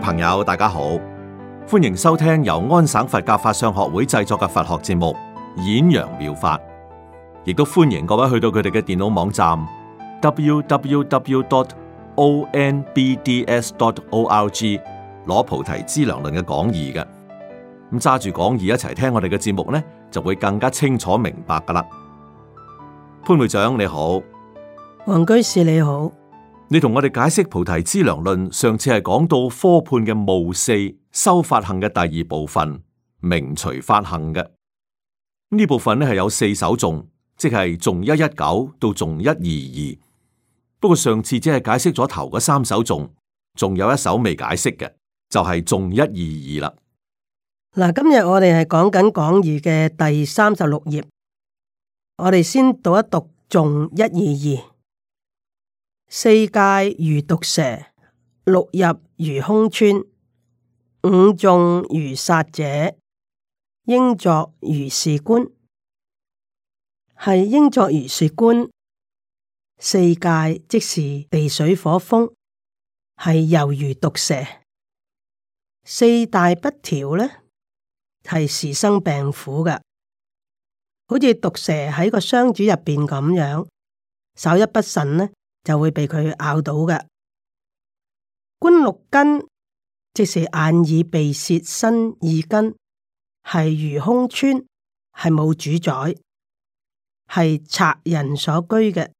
朋友，大家好，歡迎收聽由安省佛教法相學會製作嘅佛學節目《演揚妙法》，亦都歡迎各位去到佢哋嘅電腦網站 www.onbds.org 攞菩提資糧論嘅講義嘅。咁揸住講義一齊聽我哋嘅節目呢，就會更加清楚明白噶啦。潘會長你好，黃居士你好。你同我哋解釋《菩提資糧論》，上次係講到科判嘅無四修法行嘅第二部分，名隨法行嘅呢部分咧係有四首，頌，即係頌一一九到頌一二二。不過上次只係解釋咗頭嗰三首，頌，仲有一首未解釋嘅，就係頌一二二啦。嗱，今日我哋係講緊講義嘅第三十六頁，我哋先讀一讀頌一二二。四界如毒蛇，六入如空村，五眾如殺者，應作如是觀。係應作如是觀。四界即是地水火風，係猶如毒蛇。四大不調呢，係時生病苦㗎。好似毒蛇喺個箱主入邊咁樣，稍一不慎呢。就會被佢咬到嘅。觀六根，即是眼耳鼻舌身意根，係如空村，係冇主宰，係賊人所居嘅。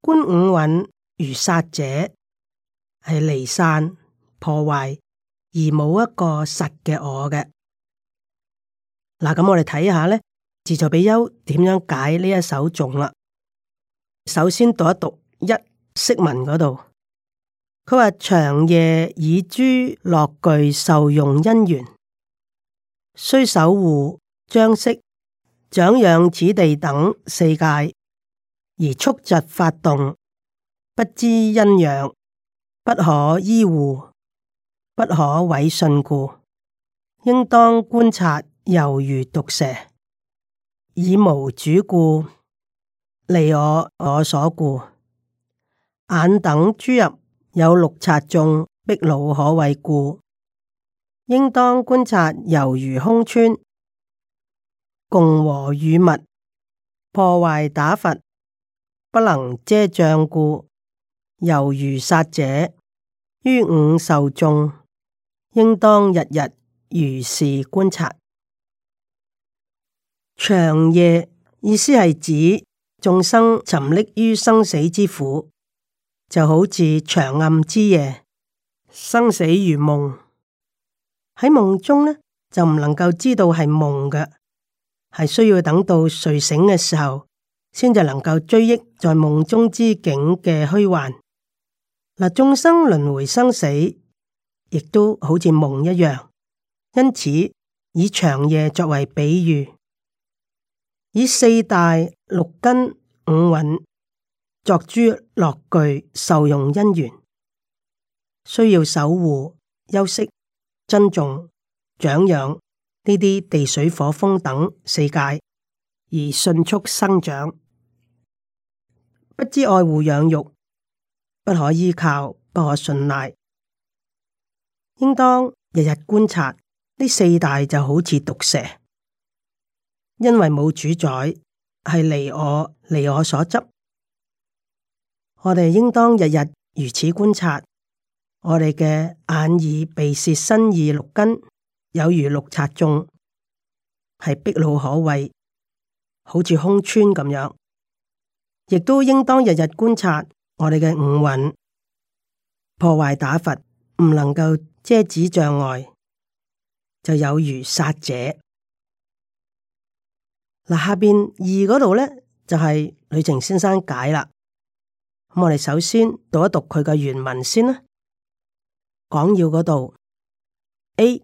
觀五蘊如殺者，係離散破壞，而冇一個實嘅我嘅。嗱，咁我哋睇下咧，自在比丘點樣解呢一首頌啦。首先讀一讀一釋文嗰度，佢話長夜以諸樂具受用因緣，須守護、裝飾、長養此地等四界，而速疾發動，不知恩養，不可依怙，不可毀信故，應當觀察，猶如毒蛇，以無主故。離我我所故，眼等諸入有六賊眾，逼惱可畏故，應當觀察猶如空村，共和與物破壞打佛，不能遮障故，猶如殺者於五受眾，應當日日如是觀察。長夜意思係指。眾生沉溺於生死之苦，就好似長暗之夜，生死如夢。喺夢中呢，就唔能夠知道係夢嘅，係需要等到睡醒嘅時候，先至能夠追憶在夢中之境嘅虛幻。嗱，眾生輪回生死，亦都好似夢一樣。因此，以長夜作為比喻，以四大。六根五蘊作諸樂具受用因緣，需要守護、休息、珍重、長養呢啲地水火風等四界而迅速生長，不知愛護養育，不可依靠，不可信賴。應當日日觀察呢四大就好似毒蛇，因為冇主宰。係離我離我所執，我哋應當日日如此觀察，我哋嘅眼耳鼻舌身意六根，有如六賊眾，係壁路可畏，好似空穿咁樣，亦都應當日日觀察我哋嘅五蘊破壞打佛，唔能夠遮止障礙，就有如殺者。嗱，下邊二嗰度呢，就係呂澂先生解啦。咁我哋首先讀一讀佢嘅原文先啦。講要嗰度 A，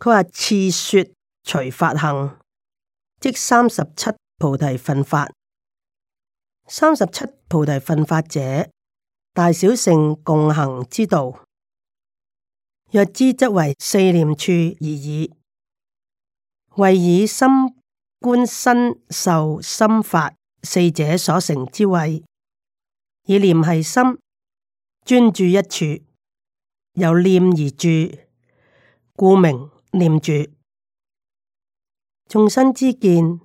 佢話次說隨法行，即三十七菩提分法。三十七菩提分法者，大小乘共行之道。若知則為四念處而已。謂以心。觀身受心法四者所成之位，以念繫心專注一處，由念而住，故名念住。眾生之見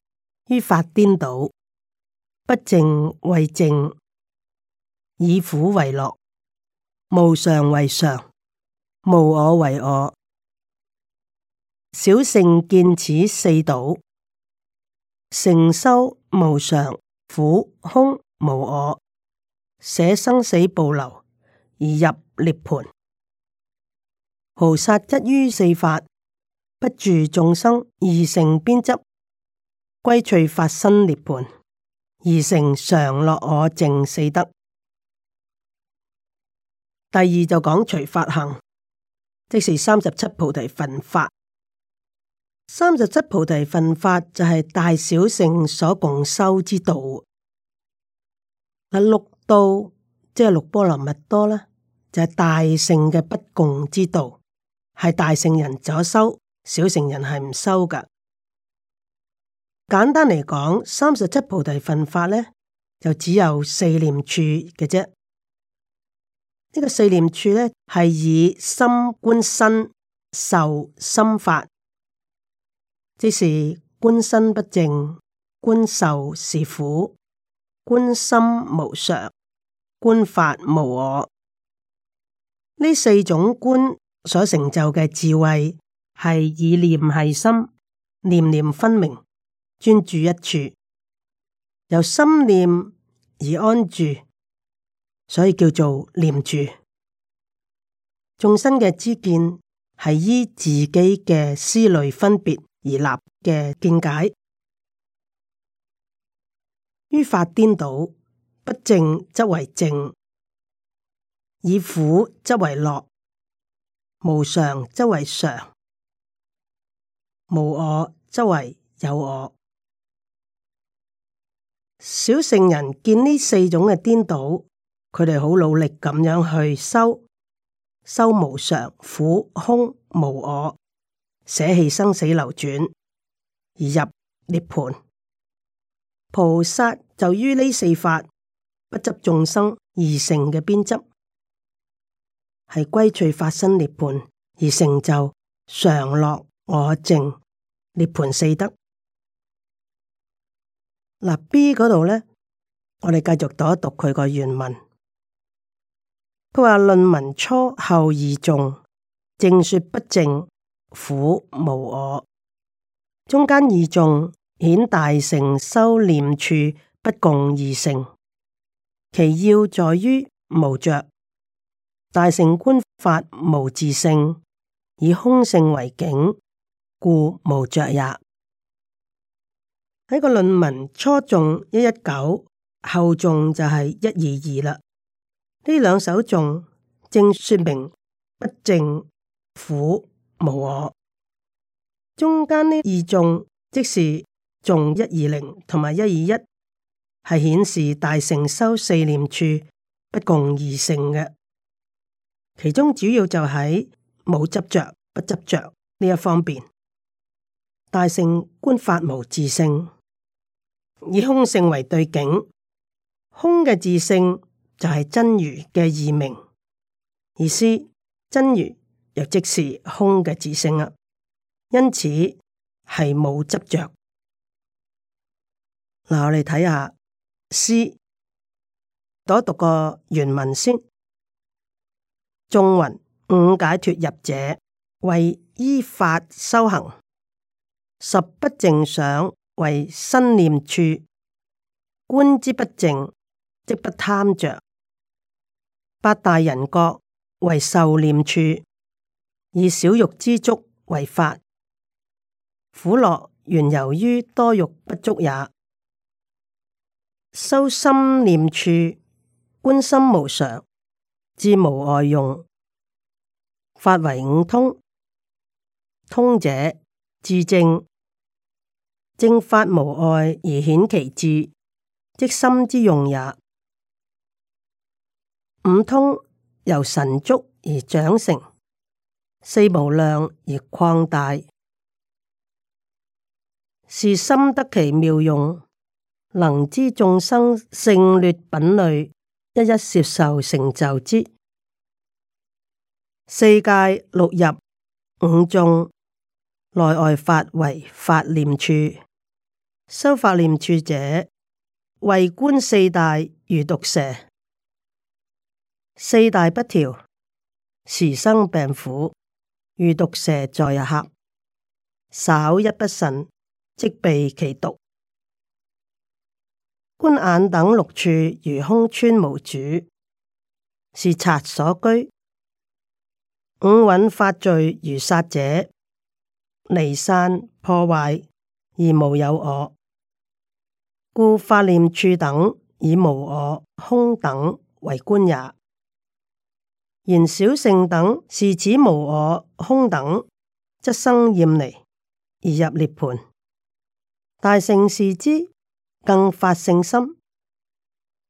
於法顛倒，不淨為淨，以苦為樂，無常為常，無我為我，小聖見此四倒。成修無常、苦、空無我，捨生死暴流而入涅盤。菩薩執於四法，不著眾生而成邊執，歸趣法身涅盤而成常樂我淨四德。第二就講除法行，即是三十七菩提分法。三十七菩提分法就係大小乘所共修之道。嗱，六度即係六波羅蜜多啦，就係、是、大乘嘅不共之道，係大乘人所修，小乘人係唔修噶。簡單嚟講，三十七菩提分法咧，就只有四念處嘅啫。呢、這個四念處咧，係以心觀身、受心法。即是觀身不淨，觀受是苦，觀心無常，觀法無我。呢四種觀所成就嘅智慧，係以念繫心，念念分明，專注一處，由心念而安住，所以叫做念住。眾生嘅知見係依自己嘅思慮分別。而立嘅見解，於法顛倒，不淨則為淨；以苦則為樂，無常則為常，無我則為有我。小乘人見呢四種嘅顛倒，佢哋好努力咁樣去修，修無常、苦、空、無我。捨棄生死流轉而入涅盤菩薩就於呢四法不執眾生而成嘅邊執，係歸趣法身涅盤而成就常樂我淨涅盤四德。嗱 B 嗰度咧，我哋繼續讀一讀佢個原文。佢話論文初後而重，正說不正苦無我，中間二頌顯大乘修念處不共二乘。其要在於無着。大乘觀法無自性，以空性為境，故無着也。喺個論文初頌一一九，後頌就係一二二啦。呢兩首頌正說明不正苦。無我中間呢二眾，即是眾一二零同埋一二一，係顯示大乘修四念處不共二乘嘅。其中主要就喺、是、冇執着、不執着呢一方面。大乘觀法無自性，以空性為對境，空嘅自性就係真如嘅異名，意思真如。若即是空嘅自性啊，因此係冇執着。嗱，我哋睇下詩，讀一讀個原文先。眾云五解脫入者，為依法修行；十不正想為身念處，觀之不正即不貪着；八大人覺為受念處。以少欲知足為法，苦樂原由於多欲不足也。修心念處，觀心無常，智無外用，法為五通。通者治正，正法無外而顯其智，即心之用也。五通由神足而長成。四無量而擴大，是心得其妙用，能知眾生勝劣品類，一一攝受成就之。四界六入五眾，內外法為法念處，修法念處者，為觀四大如毒蛇，四大不調，時生病苦。如毒蛇在篋，稍一不慎即被其毒。觀眼等六處如空村無主，是賊所居。五蘊法聚如殺者離散破壞，而無有我，故法念處等以無我空等為觀也。然小聖等視此無我空等，則生厭離而入涅槃；大聖視之，更發聖心，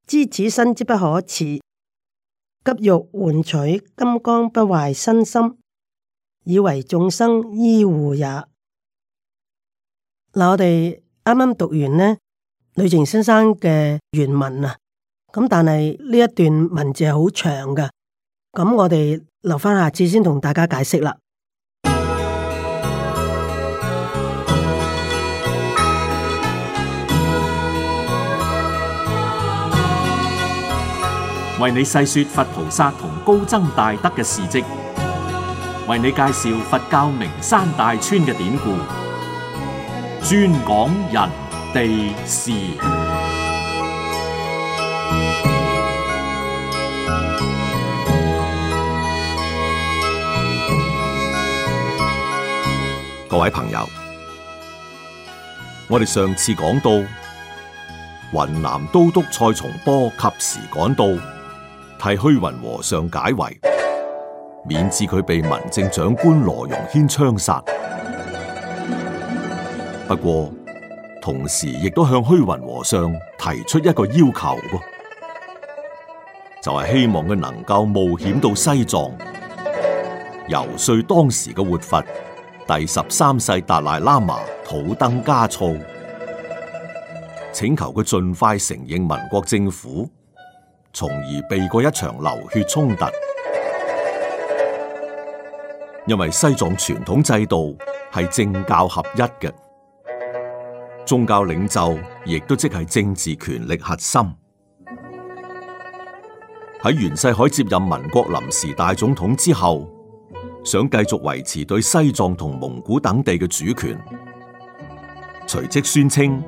知此身之不可持，急欲換取金剛不壞身心，以為眾生依護也。嗱，我哋啱啱讀完呢呂靜先生嘅原文啊，咁但係呢一段文字係好長嘅。咁我哋留翻下次先同大家解釋啦。為你細說佛菩薩同高僧大德嘅事蹟，為你介紹佛教名山大川嘅典故，專講人地事。各位朋友，我哋上次講到雲南都督蔡松波及時趕到，替虛雲和尚解圍，免至佢被民政長官羅榮軒槍殺。不過同時亦都向虛雲和尚提出一個要求，就係、是、希望佢能夠冒險到西藏遊說當時嘅活佛。第十三世達賴喇嘛土登嘉措請求佢盡快承認民國政府，從而避過一場流血衝突。因為西藏傳統制度係政教合一嘅，宗教領袖亦都即係政治權力核心。喺袁世凱接任民國臨時大總統之後。想繼續維持對西藏同蒙古等地嘅主權，隨即宣稱：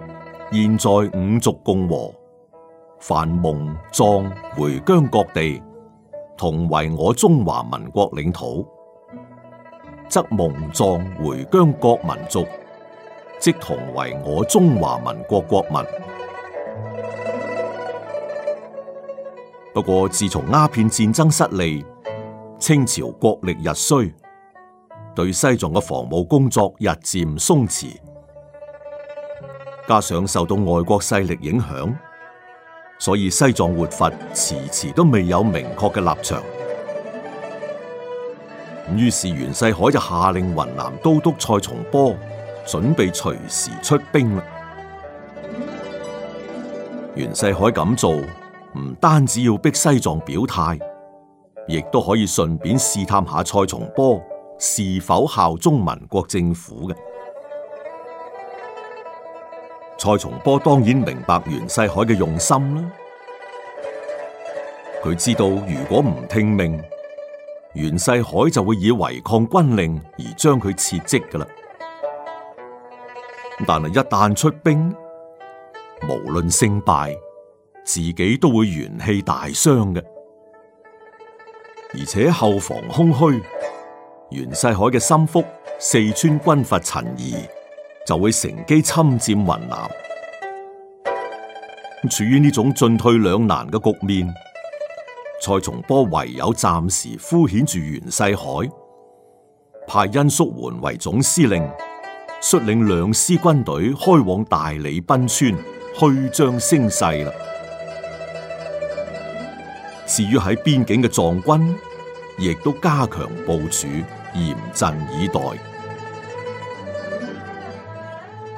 現在五族共和，凡蒙、藏、回疆各地，同為我中華民國領土，則蒙、藏、回疆各民族，即同為我中華民國國民。不過，自從鴉片戰爭失利。清朝國力日衰，對西藏嘅防務工作日漸鬆弛，加上受到外國勢力影響，所以西藏活佛遲遲都未有明確嘅立場。於是袁世凱就下令雲南都督蔡松坡準備隨時出兵啦。袁世凱咁做唔單止要逼西藏表態。亦都可以順便試探下蔡松波是否效忠民國政府嘅。蔡松波當然明白袁世凱嘅用心啦，佢知道如果唔聽命，袁世凱就會以違抗軍令而將佢撤職㗎喇。但係一旦出兵，無論勝敗，自己都會元氣大傷嘅。而且後防空虛，袁世凱嘅心腹四川軍閥陳儀就會乘機侵占雲南。處於呢種進退兩難嘅局面，蔡松坡唯有暫時敷衍住袁世凱，派殷淑媛為總司令，率領兩師軍隊開往大理賓川，虛張聲勢啦。至於喺邊境嘅藏軍，亦都加強部署，嚴陣以待。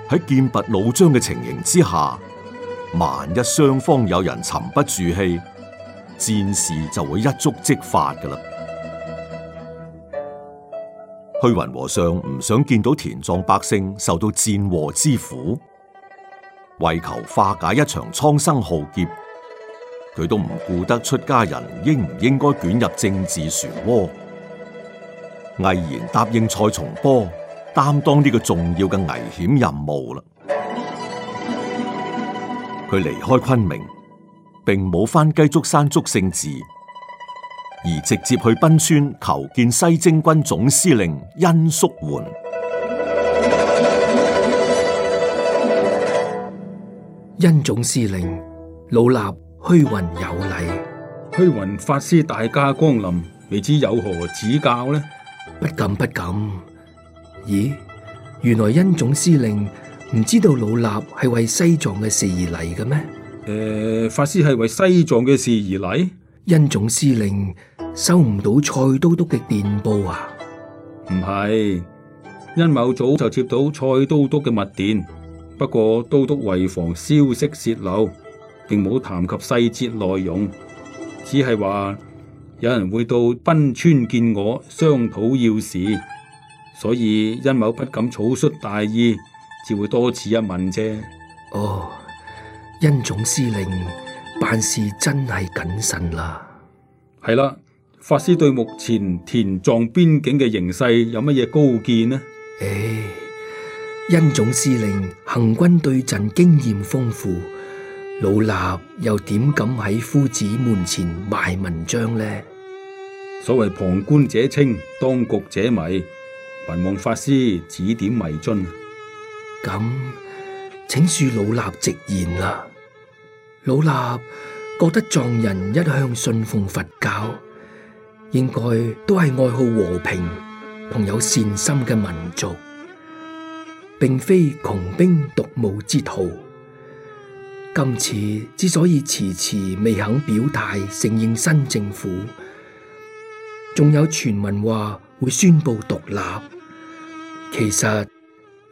喺劍拔弩張嘅情形之下，萬一雙方有人沉不住氣，戰事就會一觸即發噶啦。虛雲和尚唔想見到滇藏百姓受到戰禍之苦，為求化解一場蒼生浩劫。佢都唔顧得出家人應唔應該捲入政治漩渦，毅然答應蔡松坡擔當呢個重要嘅危險任務啦。佢離開昆明，並冇返雞足山祝聖寺，而直接去賓川求見西征軍總司令殷淑煥。殷總司令，老衲。虛雲有禮，虛雲法師大駕光臨，未知有何指教呢？不敢不敢。咦，原來殷總司令唔知道老衲係為西藏嘅事而嚟嘅咩？誒、呃，法師係為西藏嘅事而嚟？殷總司令收唔到蔡都督嘅電報啊？唔係，殷某早就接到蔡都督嘅密電，不過都督為防消息洩漏。並冇談及細節內容，只係話有人會到賓川見我商討要事，所以殷某不敢草率大意，只會多此一問啫。哦，殷總司令辦事真係謹慎啦。係啦，法師對目前滇藏邊境嘅形勢有乜嘢高見呢？唉、哎，殷總司令行軍對陣經驗豐富。老衲又點敢喺夫子門前賣文章呢？所謂旁觀者清，當局者迷，還望法師指點迷津。咁，請恕老衲直言啦。老衲覺得藏人一向信奉佛教，應該都係愛好和平同有善心嘅民族，並非窮兵黷武之徒。今次之所以遲遲未肯表態承認新政府，仲有傳聞話會宣布獨立，其實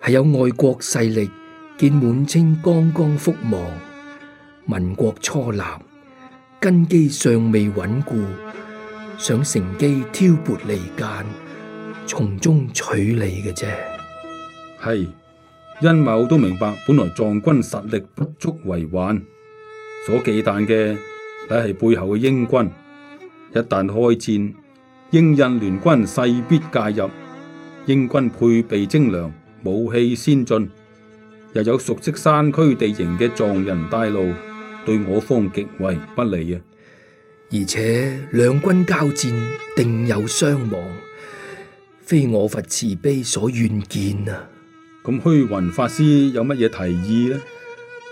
係有外國勢力見滿清剛剛覆亡，民國初立，根基尚未穩固，想乘機挑撥離間，從中取利嘅啫。係。殷某都明白，本來藏軍實力不足為患，所忌憚嘅乃係背後嘅英軍。一旦開戰，英印聯軍勢必介入。英軍配備精良，武器先進，又有熟悉山區地形嘅藏人帶路，對我方極為不利啊！而且兩軍交戰定有傷亡，非我佛慈悲所願見啊！咁虛雲法師有乜嘢提議呢？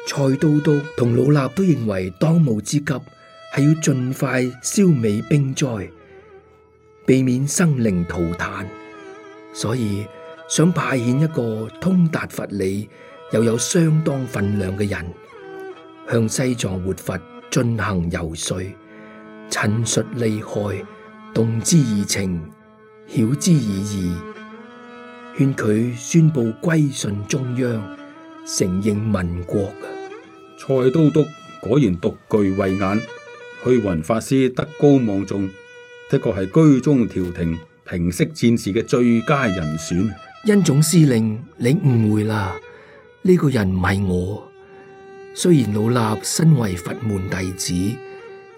蔡都督同老衲都認為當務之急係要盡快消滅兵災，避免生靈塗炭，所以想派遣一個通達佛理又有相當份量嘅人，向西藏活佛進行游說，陳述利害，動之以情，曉之以義。勸佢宣布歸順中央，承認民國。蔡都督果然獨具慧眼，虛雲法師德高望重，的確係居中調停、平息戰事嘅最佳人選。殷總司令，你誤會啦，呢個人唔係我。雖然老衲身為佛門弟子，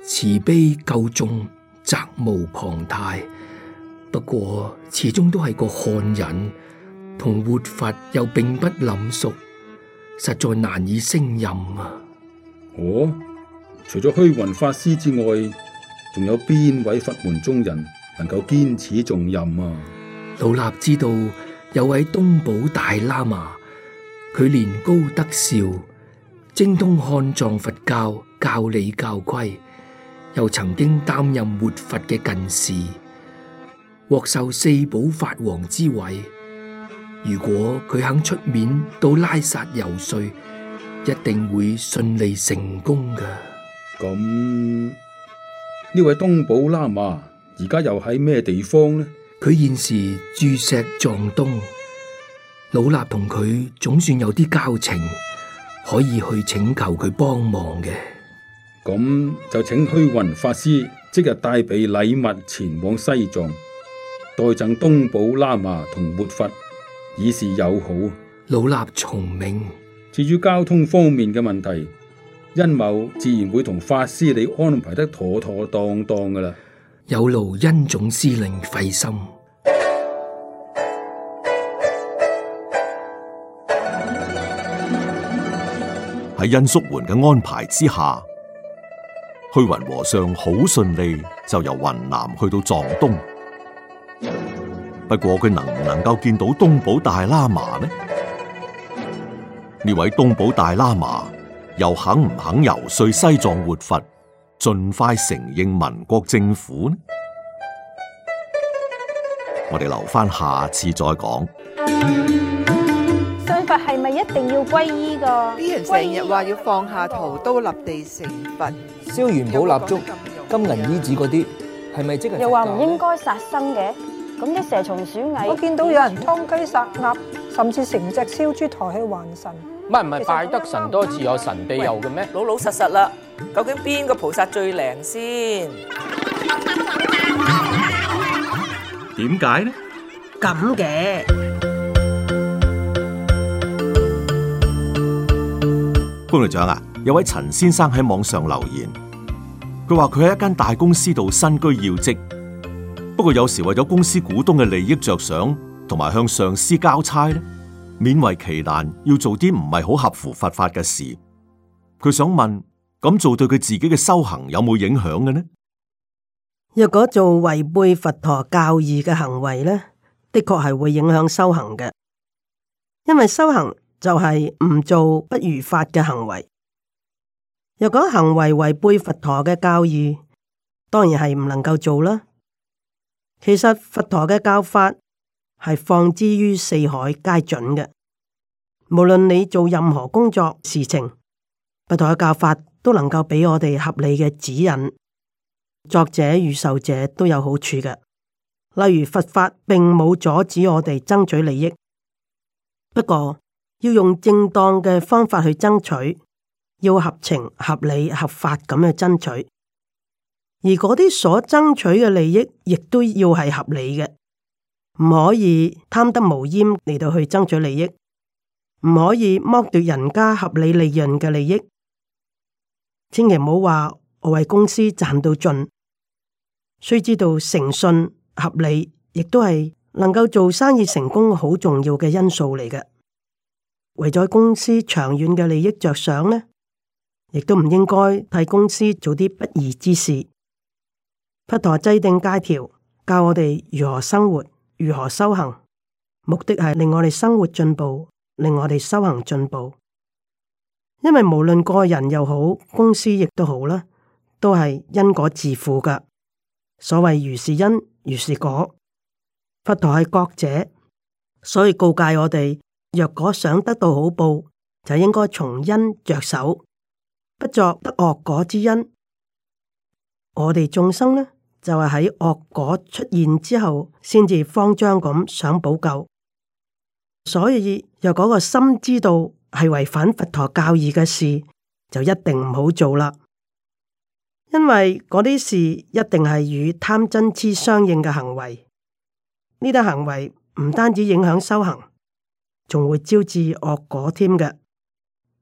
慈悲救眾，責無旁貸，不過始終都係個漢人。同活佛又並不稔熟，實在難以勝任啊！哦，除咗虛雲法師之外，仲有邊位佛門中人能夠堅持重任啊？老衲知道有位東寶大喇嘛，佢年高德劭，精通漢藏佛教教理教規，又曾經擔任活佛嘅近侍，獲受四寶法王之位。如果佢肯出面到拉薩遊說，一定會順利成功㗎。咁呢位東寶喇嘛而家又喺咩地方呢？佢現時駐錫藏東，老衲同佢總算有啲交情，可以去請求佢幫忙嘅。咁就請虛雲法師即日帶備禮物前往西藏，代贈東寶喇嘛同活佛。以示友好，老衲，從命。至於交通方面嘅問題，殷某自然會同法師你安排得妥妥當當噶啦有勞殷總司令費心。喺殷叔桓嘅安排之下，虛雲和尚好順利就由雲南去到藏東。不過佢能唔能夠見到東寶大喇嘛呢？呢位東寶大喇嘛又肯唔肯游說西藏活佛盡快承認民國政府呢？我哋留返下次再講。信佛係咪一定要皈依㗎？啲人成日話要放下屠刀立地成佛，燒元寶蠟燭、金銀衣紙嗰啲，係咪即係？又話唔應該殺生嘅？咁啲蛇蟲鼠蟻，我見到有人劏雞殺鴨，甚至成隻燒豬抬起還神。唔係唔係，拜得神多自有神庇佑嘅咩？老老實實啦，究竟邊個菩薩最靈先？點解呢？咁嘅，關隊長啊，有位陳先生喺網上留言，佢話佢喺一間大公司度身居要職。不過有時為咗公司股東嘅利益着想，同埋向上司交差咧，勉為其難要做啲唔係好合乎佛法嘅事。佢想問：咁做對佢自己嘅修行有冇影響嘅呢？若果做違背佛陀教義嘅行為呢，的確係會影響修行嘅，因為修行就係唔做不如法嘅行為。若果行為違背佛陀嘅教義，當然係唔能夠做啦。其實佛陀嘅教法係放之於四海皆準嘅，無論你做任何工作事情，佛陀嘅教法都能夠畀我哋合理嘅指引，作者與受者都有好處嘅。例如佛法並冇阻止我哋爭取利益，不過要用正當嘅方法去爭取，要合情、合理、合法咁去爭取。而嗰啲所爭取嘅利益，亦都要係合理嘅，唔可以貪得無厭嚟到去爭取利益，唔可以剝奪人家合理利潤嘅利益。千祈唔好話我為公司賺到盡，須知道誠信、合理，亦都係能夠做生意成功好重要嘅因素嚟嘅。為咗公司長遠嘅利益着想呢，亦都唔應該替公司做啲不義之事。佛陀制定戒條，教我哋如何生活，如何修行，目的係令我哋生活進步，令我哋修行進步。因為無論個人又好，公司亦都好啦，都係因果自負噶。所謂如是因如是果，佛陀係覺者，所以告誡我哋：若果想得到好報，就應該從因着手，不作得惡果之因。我哋眾生呢？就係喺惡果出現之後，先至慌張咁想補救，所以由嗰個心知道係違反佛陀教義嘅事，就一定唔好做啦。因為嗰啲事一定係與貪嗔癡相應嘅行為，呢啲行為唔單止影響修行，仲會招致惡果添嘅。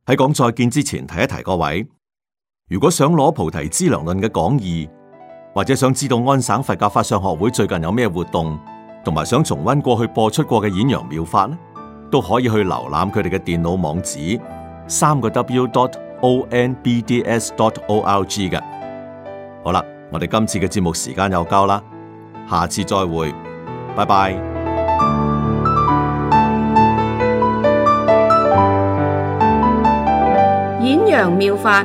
喺講再見之前，提一提各位，如果想攞《菩提資糧論》嘅講義。或者想知道安省佛教法相學會最近有咩活動，同埋想重温過去播出過嘅演揚妙法咧，都可以去瀏覽佢哋嘅電腦網址，三個 w.dot.o.n.b.d.s.dot.o.l.g 嘅。好啦，我哋今次嘅節目時間又夠啦，下次再會，拜拜。演揚妙法。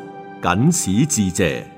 僅此致謝。